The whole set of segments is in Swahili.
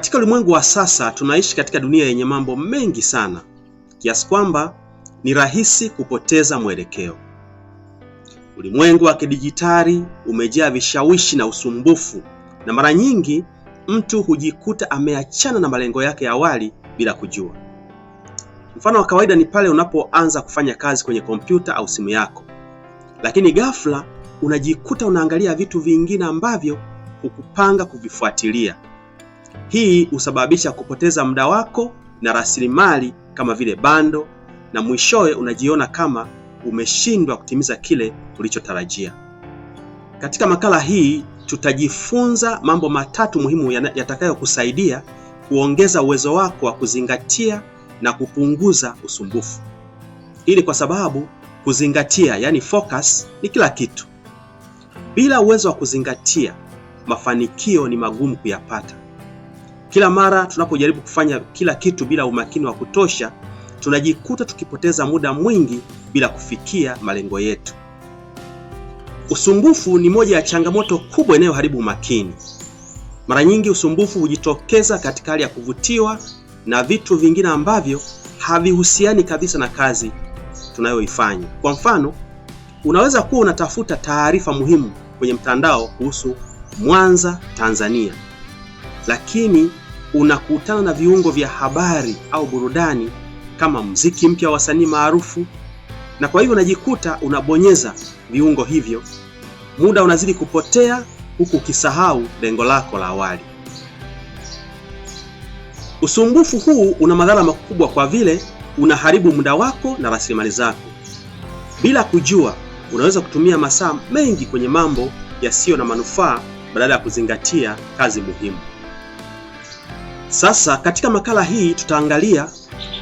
Katika ulimwengu wa sasa tunaishi katika dunia yenye mambo mengi sana kiasi kwamba ni rahisi kupoteza mwelekeo. Ulimwengu wa kidijitali umejaa vishawishi na usumbufu, na mara nyingi mtu hujikuta ameachana na malengo yake ya awali bila kujua. Mfano wa kawaida ni pale unapoanza kufanya kazi kwenye kompyuta au simu yako, lakini ghafla unajikuta unaangalia vitu vingine ambavyo hukupanga kuvifuatilia hii husababisha kupoteza muda wako na rasilimali kama vile bando, na mwishowe unajiona kama umeshindwa kutimiza kile ulichotarajia. Katika makala hii tutajifunza mambo matatu muhimu yatakayokusaidia kuongeza uwezo wako wa kuzingatia na kupunguza usumbufu. Hii ni kwa sababu kuzingatia, yani focus, ni kila kitu. Bila uwezo wa kuzingatia, mafanikio ni magumu kuyapata. Kila mara tunapojaribu kufanya kila kitu bila umakini wa kutosha, tunajikuta tukipoteza muda mwingi bila kufikia malengo yetu. Usumbufu ni moja ya changamoto kubwa inayoharibu umakini. Mara nyingi usumbufu hujitokeza katika hali ya kuvutiwa na vitu vingine ambavyo havihusiani kabisa na kazi tunayoifanya. Kwa mfano, unaweza kuwa unatafuta taarifa muhimu kwenye mtandao kuhusu Mwanza, Tanzania lakini unakutana na viungo vya habari au burudani kama mziki mpya wa wasanii maarufu, na kwa hivyo unajikuta unabonyeza viungo hivyo, muda unazidi kupotea huku ukisahau lengo lako la awali. Usumbufu huu una madhara makubwa kwa vile unaharibu muda wako na rasilimali zako. Bila kujua, unaweza kutumia masaa mengi kwenye mambo yasiyo na manufaa badala ya kuzingatia kazi muhimu. Sasa katika makala hii tutaangalia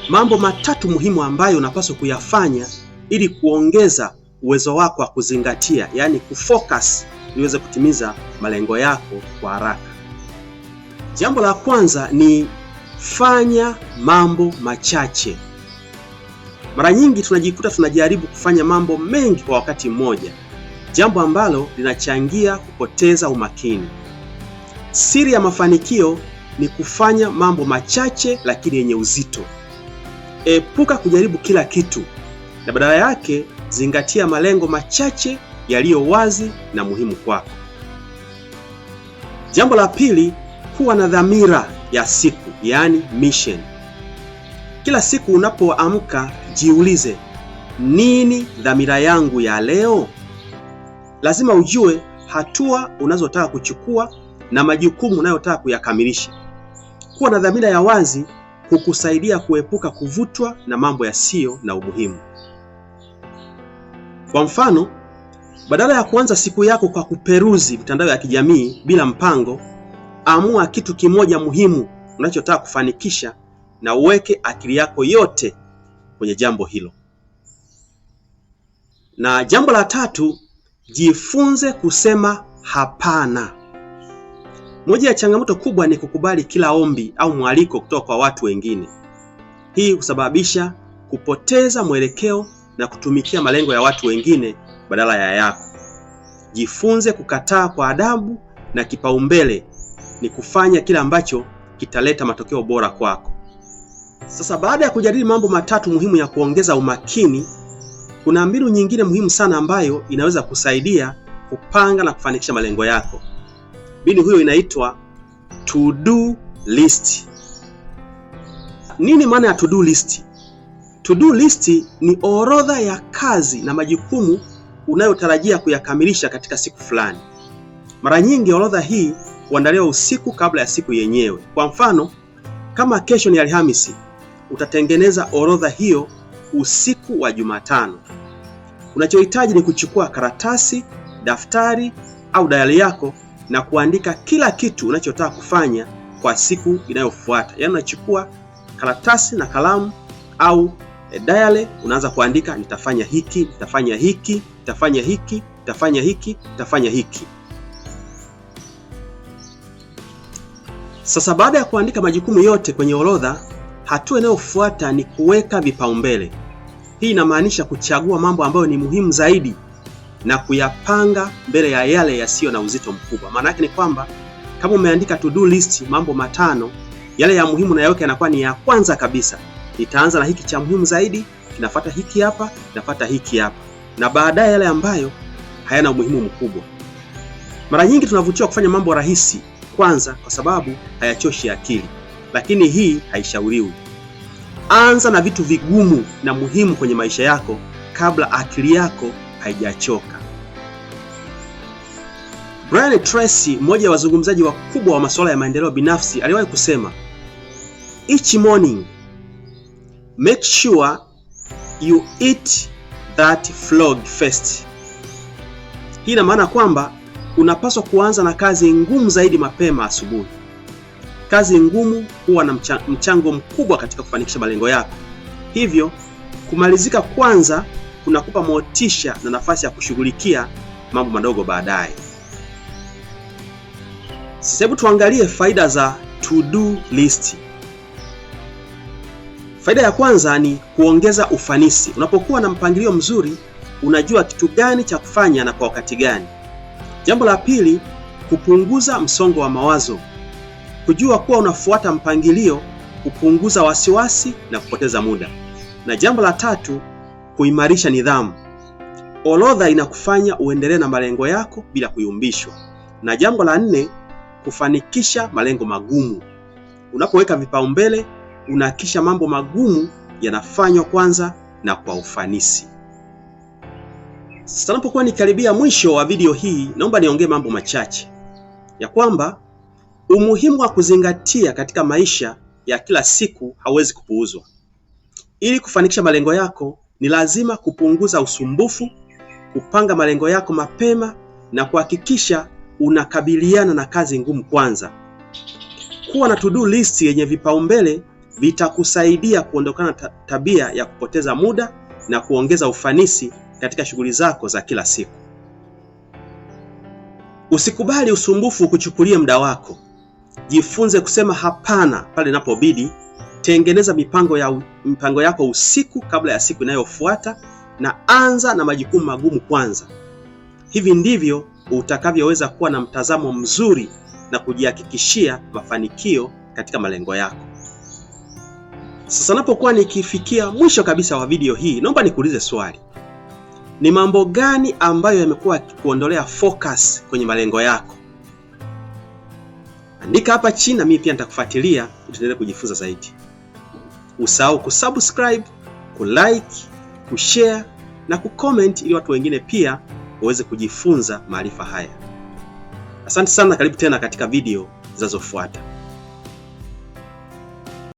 mambo matatu muhimu ambayo unapaswa kuyafanya ili kuongeza uwezo wako wa kuzingatia, yaani kufocus, ili uweze kutimiza malengo yako kwa haraka. Jambo la kwanza ni fanya mambo machache. Mara nyingi tunajikuta tunajaribu kufanya mambo mengi kwa wakati mmoja, jambo ambalo linachangia kupoteza umakini. Siri ya mafanikio ni kufanya mambo machache lakini yenye uzito. Epuka kujaribu kila kitu na badala yake zingatia malengo machache yaliyo wazi na muhimu kwako. Jambo la pili, kuwa na dhamira ya siku, yaani mission. Kila siku unapoamka jiulize, nini dhamira yangu ya leo? Lazima ujue hatua unazotaka kuchukua na majukumu unayotaka kuyakamilisha. Kuwa na dhamira ya wazi hukusaidia kuepuka kuvutwa na mambo yasiyo na umuhimu. Kwa mfano, badala ya kuanza siku yako kwa kuperuzi mitandao ya kijamii bila mpango, amua kitu kimoja muhimu unachotaka kufanikisha na uweke akili yako yote kwenye jambo hilo. Na jambo la tatu, jifunze kusema hapana. Moja ya changamoto kubwa ni kukubali kila ombi au mwaliko kutoka kwa watu wengine. Hii husababisha kupoteza mwelekeo na kutumikia malengo ya watu wengine badala ya yako. Jifunze kukataa kwa adabu, na kipaumbele ni kufanya kile ambacho kitaleta matokeo bora kwako. Sasa, baada ya kujadili mambo matatu muhimu ya kuongeza umakini, kuna mbinu nyingine muhimu sana ambayo inaweza kusaidia kupanga na kufanikisha malengo yako mbinu hiyo inaitwa to do list. Nini maana ya to do list? To do list ni orodha ya kazi na majukumu unayotarajia kuyakamilisha katika siku fulani. Mara nyingi orodha hii huandaliwa usiku kabla ya siku yenyewe. Kwa mfano, kama kesho ni Alhamisi, utatengeneza orodha hiyo usiku wa Jumatano. Unachohitaji ni kuchukua karatasi, daftari au dayari yako na kuandika kila kitu unachotaka kufanya kwa siku inayofuata. Yaani unachukua karatasi na kalamu au e, diary, unaanza kuandika nitafanya hiki, nitafanya hiki, nitafanya hiki, nitafanya hiki, nitafanya hiki. Sasa baada ya kuandika majukumu yote kwenye orodha, hatua inayofuata ni kuweka vipaumbele. Hii inamaanisha kuchagua mambo ambayo ni muhimu zaidi na kuyapanga mbele ya yale yasiyo na uzito mkubwa. Maana yake ni kwamba kama umeandika to do list mambo matano, yale ya muhimu na yaweke yanakuwa ni ya kwanza kabisa. Nitaanza na hiki cha muhimu zaidi, kinafuata hiki hapa, nafuata hiki hapa, na baadaye yale ambayo hayana umuhimu mkubwa. Mara nyingi tunavutiwa kufanya mambo rahisi kwanza, kwa sababu hayachoshi akili, lakini hii haishauriwi. Anza na vitu vigumu na muhimu kwenye maisha yako kabla akili yako haijachoka. Brian Tracy, mmoja wa wazungumzaji wakubwa wa masuala ya maendeleo binafsi, aliwahi kusema, Each morning make sure you eat that frog first. Hii ina maana kwamba unapaswa kuanza na kazi ngumu zaidi mapema asubuhi. Kazi ngumu huwa na mchango mkubwa katika kufanikisha malengo yako, hivyo kumalizika kwanza kunakupa motisha na nafasi ya kushughulikia mambo madogo baadaye. Sasa hebu tuangalie faida za to do list. Faida ya kwanza ni kuongeza ufanisi. Unapokuwa na mpangilio mzuri, unajua kitu gani cha kufanya na kwa wakati gani. Jambo la pili, kupunguza msongo wa mawazo. Kujua kuwa unafuata mpangilio hupunguza wasiwasi na kupoteza muda. Na jambo la tatu Kuimarisha nidhamu. Orodha inakufanya uendelee na malengo yako bila kuyumbishwa. Na jambo la nne, kufanikisha malengo magumu. Unapoweka vipaumbele, unahakisha mambo magumu yanafanywa kwanza na kwa ufanisi. Sasa napokuwa nikaribia mwisho wa video hii, naomba niongee mambo machache ya kwamba umuhimu wa kuzingatia katika maisha ya kila siku hauwezi kupuuzwa. Ili kufanikisha malengo yako, ni lazima kupunguza usumbufu, kupanga malengo yako mapema na kuhakikisha unakabiliana na kazi ngumu kwanza. Kuwa na to-do list yenye vipaumbele vitakusaidia kuondokana tabia ya kupoteza muda na kuongeza ufanisi katika shughuli zako za kila siku. Usikubali usumbufu kuchukulia muda wako. Jifunze kusema hapana pale inapobidi Tengeneza mipango ya mipango yako usiku kabla ya siku inayofuata, na anza na majukumu magumu kwanza. Hivi ndivyo utakavyoweza kuwa na mtazamo mzuri na kujihakikishia mafanikio katika malengo yako. Sasa napokuwa nikifikia mwisho kabisa wa video hii, naomba nikuulize swali. Ni mambo gani ambayo yamekuwa yakikuondolea focus kwenye malengo yako? Andika hapa chini na mimi pia nitakufuatilia, tuendelee kujifunza zaidi. Usahau kusubscribe, kulike, kushare na kucomment ili watu wengine pia waweze kujifunza maarifa haya. Asante sana, karibu tena katika video zinazofuata.